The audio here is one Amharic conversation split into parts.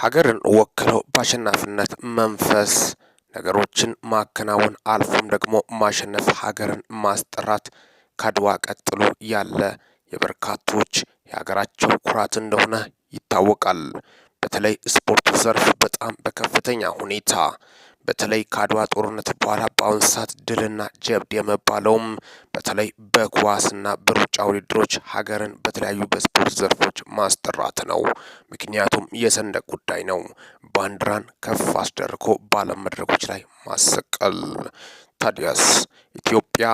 ሀገርን ወክለው በአሸናፊነት መንፈስ ነገሮችን ማከናወን አልፎም ደግሞ ማሸነፍ ሀገርን ማስጠራት ከአድዋ ቀጥሎ ያለ የበርካቶች የሀገራቸው ኩራት እንደሆነ ይታወቃል። በተለይ ስፖርት ዘርፍ በጣም በከፍተኛ ሁኔታ በተለይ ከአድዋ ጦርነት በኋላ በአሁን ሰዓት ድልና ጀብድ የመባለውም በተለይ በኳስና በሩጫ ውድድሮች ሀገርን በተለያዩ በስፖርት ዘርፎች ማስጠራት ነው። ምክንያቱም የሰንደቅ ጉዳይ ነው። ባንዲራን ከፍ አስደርጎ በዓለም መድረኮች ላይ ማሰቀል። ታዲያስ ኢትዮጵያ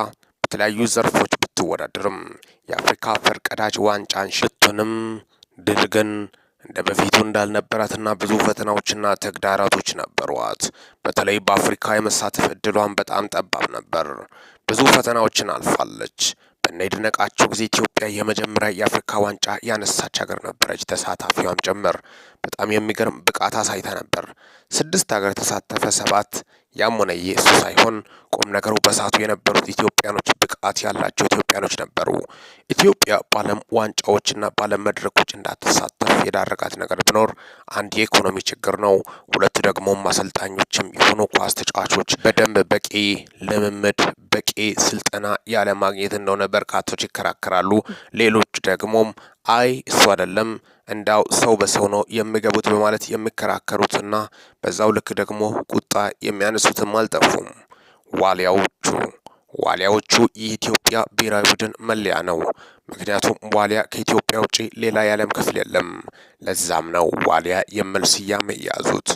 በተለያዩ ዘርፎች ብትወዳደርም የአፍሪካ ፈርቀዳጅ ዋንጫን ሽቱንም ድል ግን እንደ በፊቱ እንዳልነበራትና ብዙ ፈተናዎችና ተግዳራቶች ነበሯት። በተለይ በአፍሪካ የመሳተፍ እድሏን በጣም ጠባብ ነበር። ብዙ ፈተናዎችን አልፋለች። በእነ ይድነቃቸው ጊዜ ኢትዮጵያ የመጀመሪያ የአፍሪካ ዋንጫ ያነሳች ሀገር ነበረች፣ ተሳታፊዋም ጭምር። በጣም የሚገርም ብቃት አሳይታ ነበር። ስድስት ሀገር ተሳተፈ፣ ሰባት ያም ሆነ ይህ እሱ ሳይሆን ቁም ነገሩ በሰዓቱ የነበሩት ኢትዮጵያኖች ብቃት ያላቸው ኢትዮጵያኖች ነበሩ። ኢትዮጵያ በዓለም ዋንጫዎችና በዓለም መድረኮች እንዳትሳተፍ የዳረጋት ነገር ቢኖር አንድ የኢኮኖሚ ችግር ነው። ሁለቱ ደግሞ አሰልጣኞችም የሆኑ ኳስ ተጫዋቾች በደንብ በቂ ልምምድ፣ በቂ ስልጠና ያለማግኘት እንደሆነ በርካቶች ይከራከራሉ። ሌሎች ደግሞም አይ እሱ አይደለም እንዳው ሰው በሰው ነው የሚገቡት በማለት የሚከራከሩትና በዛው ልክ ደግሞ ቁጣ የሚያነሱትም አልጠፉም። ዋሊያዎቹ ዋሊያዎቹ የኢትዮጵያ ብሔራዊ ቡድን መለያ ነው። ምክንያቱም ዋሊያ ከኢትዮጵያ ውጪ ሌላ የዓለም ክፍል የለም። ለዛም ነው ዋሊያ የሚል ስያሜ የያዙት።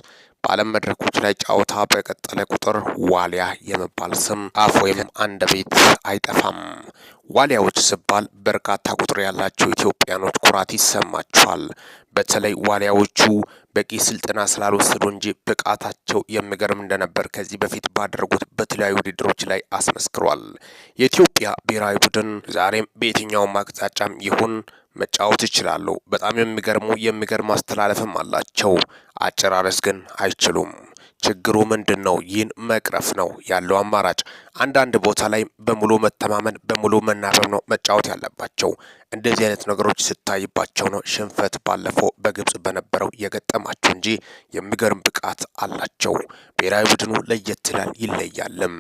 በዓለም መድረኮች ላይ ጨዋታ በቀጠለ ቁጥር ዋሊያ የመባል ስም አፍ ወይም አንደበት አይጠፋም። ዋሊያዎች ስባል በርካታ ቁጥር ያላቸው ኢትዮጵያኖች ኩራት ይሰማቸዋል። በተለይ ዋሊያዎቹ በቂ ስልጠና ስላልወሰዱ እንጂ ብቃታቸው የሚገርም እንደነበር ከዚህ በፊት ባደረጉት በተለያዩ ውድድሮች ላይ አስመስክሯል። የኢትዮጵያ ብሔራዊ ቡድን ዛሬም በየትኛውም አቅጣጫም ይሁን መጫወት ይችላሉ። በጣም የሚገርሙ የሚገርም አስተላለፍም አላቸው። አጨራረስ ግን አይችሉም። ችግሩ ምንድን ነው? ይህን መቅረፍ ነው ያለው አማራጭ። አንዳንድ ቦታ ላይ በሙሉ መተማመን በሙሉ መናበብ ነው መጫወት ያለባቸው። እንደዚህ አይነት ነገሮች ስታይባቸው ነው ሽንፈት ባለፈው በግብጽ በነበረው የገጠማቸው እንጂ የሚገርም ብቃት አላቸው። ብሔራዊ ቡድኑ ለየት ይላል ይለያልም።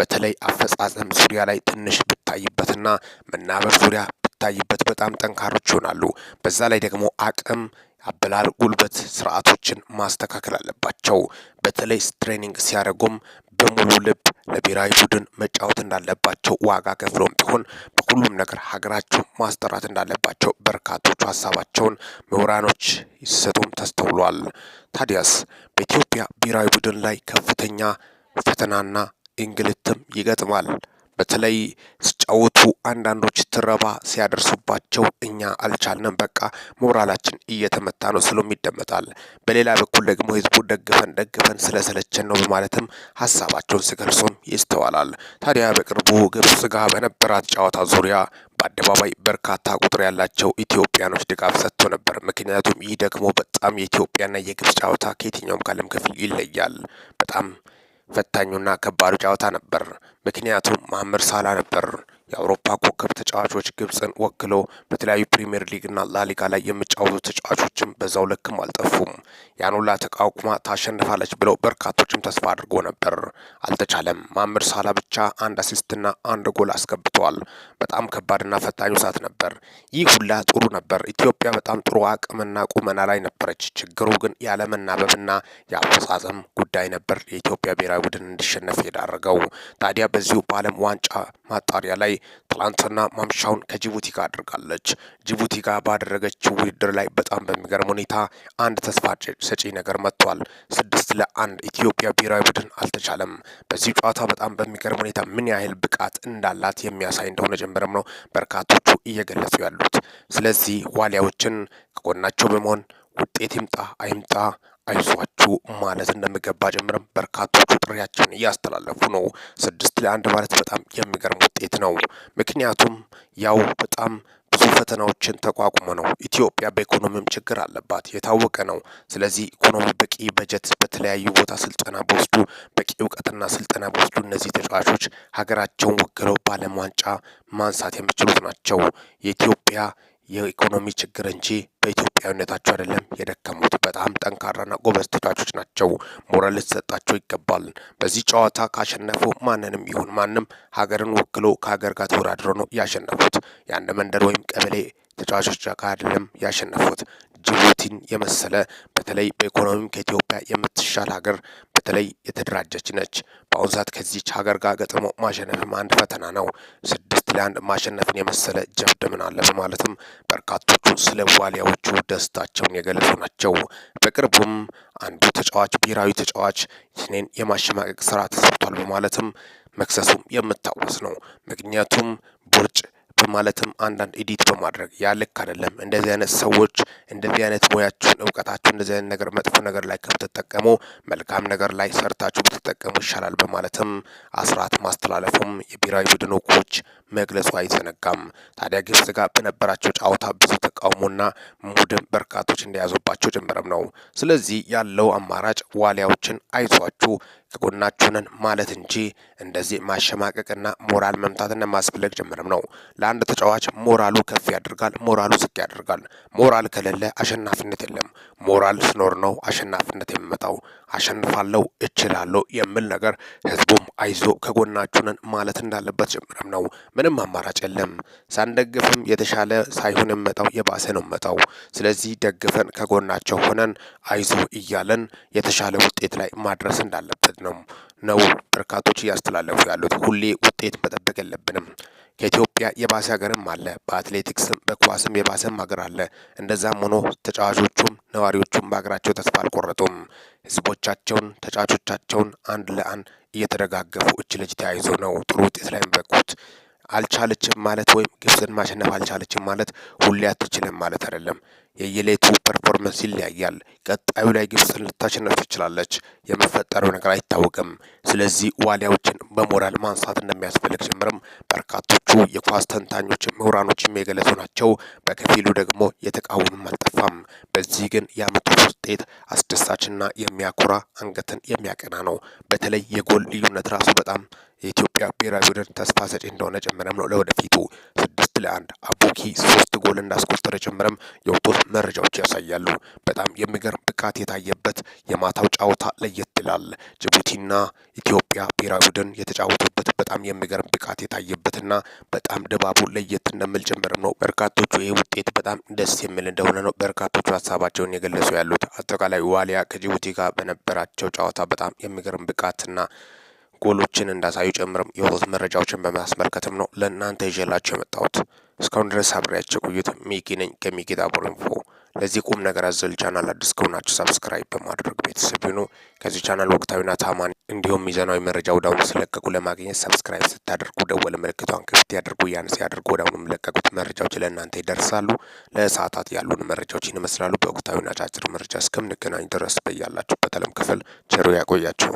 በተለይ አፈጻጸም ዙሪያ ላይ ትንሽ ብታይበትና መናበብ ዙሪያ ብታይበት በጣም ጠንካሮች ይሆናሉ። በዛ ላይ ደግሞ አቅም አበላል ጉልበት ስርዓቶችን ማስተካከል አለባቸው። በተለይ ስትሬኒንግ ሲያደርጉም በሙሉ ልብ ለብሔራዊ ቡድን መጫወት እንዳለባቸው ዋጋ ከፍሎም ቢሆን በሁሉም ነገር ሀገራቸው ማስጠራት እንዳለባቸው በርካቶቹ ሀሳባቸውን ምሁራኖች ሲሰጡም ተስተውሏል። ታዲያስ በኢትዮጵያ ብሔራዊ ቡድን ላይ ከፍተኛ ፈተናና እንግልትም ይገጥማል። በተለይ ሲጫወቱ አንዳንዶች ትረባ ሲያደርሱባቸው እኛ አልቻልንም፣ በቃ ሞራላችን እየተመታ ነው ስሎም ይደመጣል። በሌላ በኩል ደግሞ ህዝቡ ደግፈን ደግፈን ስለሰለቸን ነው በማለትም ሀሳባቸውን ሲገልጹም ይስተዋላል። ታዲያ በቅርቡ ግብጽ ጋር በነበራት ጨዋታ ዙሪያ በአደባባይ በርካታ ቁጥር ያላቸው ኢትዮጵያኖች ድጋፍ ሰጥቶ ነበር። ምክንያቱም ይህ ደግሞ በጣም የኢትዮጵያና የግብጽ ጨዋታ ከየትኛውም ከዓለም ክፍል ይለያል በጣም ፈታኙና ከባዱ ጨዋታ ነበር። ምክንያቱም መሐመድ ሳላ ነበር የአውሮፓ ኮከብ ተጫዋቾች ግብፅን ወክሎ በተለያዩ ፕሪምየር ሊግና ላሊጋ ላይ የሚጫወቱ ተጫዋቾችም በዛው ልክም አልጠፉም። ያኑላ ተቋቁማ ታሸንፋለች ብለው በርካቶችም ተስፋ አድርጎ ነበር። አልተቻለም። ማምር ሳላ ብቻ አንድ አሲስትና አንድ ጎል አስገብተዋል። በጣም ከባድና ፈታኙ ሰዓት ነበር። ይህ ሁላ ጥሩ ነበር። ኢትዮጵያ በጣም ጥሩ አቅምና ቁመና ላይ ነበረች። ችግሩ ግን ያለመናበብና የአፈጻጸም ጉዳይ ነበር የኢትዮጵያ ብሔራዊ ቡድን እንዲሸነፍ የዳረገው። ታዲያ በዚሁ በዓለም ዋንጫ ማጣሪያ ላይ ትላንትና ማምሻውን ከጅቡቲ ጋር አድርጋለች። ጅቡቲ ጋር ባደረገችው ውድድር ላይ በጣም በሚገርም ሁኔታ አንድ ተስፋ ሰጪ ነገር መጥቷል። ስድስት ለአንድ ኢትዮጵያ ብሔራዊ ቡድን አልተቻለም። በዚህ ጨዋታ በጣም በሚገርም ሁኔታ ምን ያህል ብቃት እንዳላት የሚያሳይ እንደሆነ ጀምረም ነው በርካቶቹ እየገለጹ ያሉት። ስለዚህ ዋሊያዎችን ከጎናቸው በመሆን ውጤት ይምጣ አይምጣ አይዟችሁ ማለት እንደሚገባ ጭምርም በርካቶቹ ጥሪያቸውን እያስተላለፉ ነው። ስድስት ለአንድ ማለት በጣም የሚገርም ውጤት ነው። ምክንያቱም ያው በጣም ብዙ ፈተናዎችን ተቋቁሞ ነው። ኢትዮጵያ በኢኮኖሚም ችግር አለባት የታወቀ ነው። ስለዚህ ኢኮኖሚ በቂ በጀት፣ በተለያዩ ቦታ ስልጠና በወስዱ በቂ እውቀትና ስልጠና በወስዱ እነዚህ ተጫዋቾች ሀገራቸውን ወክለው በዓለም ዋንጫ ማንሳት የሚችሉት ናቸው። የኢትዮጵያ የኢኮኖሚ ችግር እንጂ በኢትዮጵያዊነታቸው አይደለም የደከሙት። በጣም ጠንካራና ጎበዝ ተጫዋቾች ናቸው። ሞራል ልትሰጣቸው ይገባል። በዚህ ጨዋታ ካሸነፉ ማንንም ይሁን ማንም ሀገርን ወክሎ ከሀገር ጋር ተወዳድሮ ነው ያሸነፉት። የአንድ መንደር ወይም ቀበሌ ተጫዋቾች ጋር አይደለም ያሸነፉት። ጅቡቲን የመሰለ በተለይ በኢኮኖሚም ከኢትዮጵያ የምትሻል ሀገር በተለይ የተደራጀች ነች። በአሁኑ ሰዓት ከዚች ሀገር ጋር ገጥሞ ማሸነፍም አንድ ፈተና ነው። ለአንድ ማሸነፍን የመሰለ ጀብድ ምን አለ በማለትም በርካቶቹ ስለ ዋሊያዎቹ ደስታቸውን የገለጹ ናቸው። በቅርቡም አንዱ ተጫዋች ብሔራዊ ተጫዋች ይህንን የማሸማቀቅ ስራ ተሰርቷል በማለትም መክሰሱም የምታወስ ነው። ምክንያቱም ቦርጭ በማለትም አንዳንድ ኢዲት በማድረግ ያልክ አይደለም። እንደዚህ አይነት ሰዎች እንደዚህ አይነት ሙያችሁን እውቀታችሁ እንደዚህ አይነት ነገር መጥፎ ነገር ላይ ከምትጠቀሙ መልካም ነገር ላይ ሰርታችሁ ብትጠቀሙ ይሻላል በማለትም አስራት ማስተላለፉም የብሔራዊ ቡድኑ ኮች መግለጹ አይዘነጋም። ታዲያ ግብጽ ጋር በነበራቸው ጨዋታ ብዙ ተቃውሞና ሙድም በርካቶች እንደያዙባቸው ጭምርም ነው። ስለዚህ ያለው አማራጭ ዋሊያዎችን አይዟችሁ ከጎናችሁንን ማለት እንጂ እንደዚህ ማሸማቀቅና ሞራል መምታትና ማስፈለግ ጀምረም ነው። ለአንድ ተጫዋች ሞራሉ ከፍ ያደርጋል፣ ሞራሉ ዝቅ ያደርጋል። ሞራል ከሌለ አሸናፊነት የለም። ሞራል ስኖር ነው አሸናፊነት የሚመጣው። አሸንፋለሁ፣ እችላለሁ የሚል ነገር ህዝቡም አይዞ ከጎናችሁንን ማለት እንዳለበት ጀምረም ነው። ምንም አማራጭ የለም። ሳንደግፍም የተሻለ ሳይሆን የሚመጣው የባሰ ነው የሚመጣው። ስለዚህ ደግፈን ከጎናቸው ሆነን አይዞ እያለን የተሻለ ውጤት ላይ ማድረስ እንዳለበት ነው ነው በርካቶች እያስተላለፉ ያሉት። ሁሌ ውጤት መጠበቅ የለብንም። ከኢትዮጵያ የባሰ ሀገርም አለ። በአትሌቲክስም በኳስም የባሰም ሀገር አለ። እንደዛም ሆኖ ተጫዋቾቹም ነዋሪዎቹም በሀገራቸው ተስፋ አልቆረጡም። ህዝቦቻቸውን፣ ተጫዋቾቻቸውን አንድ ለአንድ እየተደጋገፉ እች ልጅ ተያይዞ ነው ጥሩ ውጤት ላይ የሚበቁት። አልቻለችም ማለት ወይም ግብፅን ማሸነፍ አልቻለችም ማለት ሁሌ አትችልም ማለት አይደለም። የየሌቱ ፐርፎርመንስ ይለያያል። ቀጣዩ ላይ ግብፅን ልታሸነፍ ትችላለች። የምፈጠረው ነገር አይታወቅም። ስለዚህ ዋሊያዎችን በሞራል ማንሳት እንደሚያስፈልግ ጭምርም በርካቶቹ የኳስ ተንታኞች፣ ምሁራኖች የገለጹ ናቸው። በከፊሉ ደግሞ የተቃወሙም አልጠፋም። በዚህ ግን የአመቱ ውጤት አስደሳችና የሚያኮራ አንገትን የሚያቀና ነው። በተለይ የጎል ልዩነት ራሱ በጣም የኢትዮጵያ ብሔራዊ ቡድን ተስፋ ሰጪ እንደሆነ ጭምርም ነው ለወደፊቱ ስድስት አምስት ለአንድ አቡኪ ሶስት ጎል እንዳስቆጠረ ጭምርም የወጡት መረጃዎች ያሳያሉ። በጣም የሚገርም ብቃት የታየበት የማታው ጨዋታ ለየት ይላል። ጅቡቲና ኢትዮጵያ ብሔራዊ ቡድን የተጫወቱበት በጣም የሚገርም ብቃት የታየበትና በጣም ድባቡ ለየት እንደሚል ጭምርም ነው። በርካቶቹ ይህ ውጤት በጣም ደስ የሚል እንደሆነ ነው በርካቶቹ ሀሳባቸውን የገለጹ ያሉት። አጠቃላይ ዋሊያ ከጅቡቲ ጋር በነበራቸው ጨዋታ በጣም የሚገርም ብቃትና ጎሎችን እንዳሳዩ ጨምርም የወጡት መረጃዎችን በማስመልከትም ነው ለእናንተ ይዤላቸው የመጣሁት። እስካሁን ድረስ አብሬያቸው ቆዩት። ሚኪ ነኝ ከሚኪታ ቦር ኢንፎ። ለዚህ ቁም ነገር አዘል ቻናል አዲስ ከሆናችሁ ሰብስክራይብ በማድረግ ቤተሰብ ይሁኑ። ከዚህ ቻናል ወቅታዊና ታማኝ እንዲሁም ሚዛናዊ መረጃ ወዳሁኑ ስለቀቁ ለማግኘት ሰብስክራይብ ስታደርጉ ደወል ምልክቷን ክፍት ያደርጉ። ያንስ ያደርጉ ወዳሁኑ የሚለቀቁት መረጃዎች ለእናንተ ይደርሳሉ። ለሰዓታት ያሉን መረጃዎችን ይመስላሉ። በወቅታዊና ጫጭር መረጃ እስከምንገናኝ ድረስ በያላችሁበት ዓለም ክፍል ቸሩ ያቆያችሁ።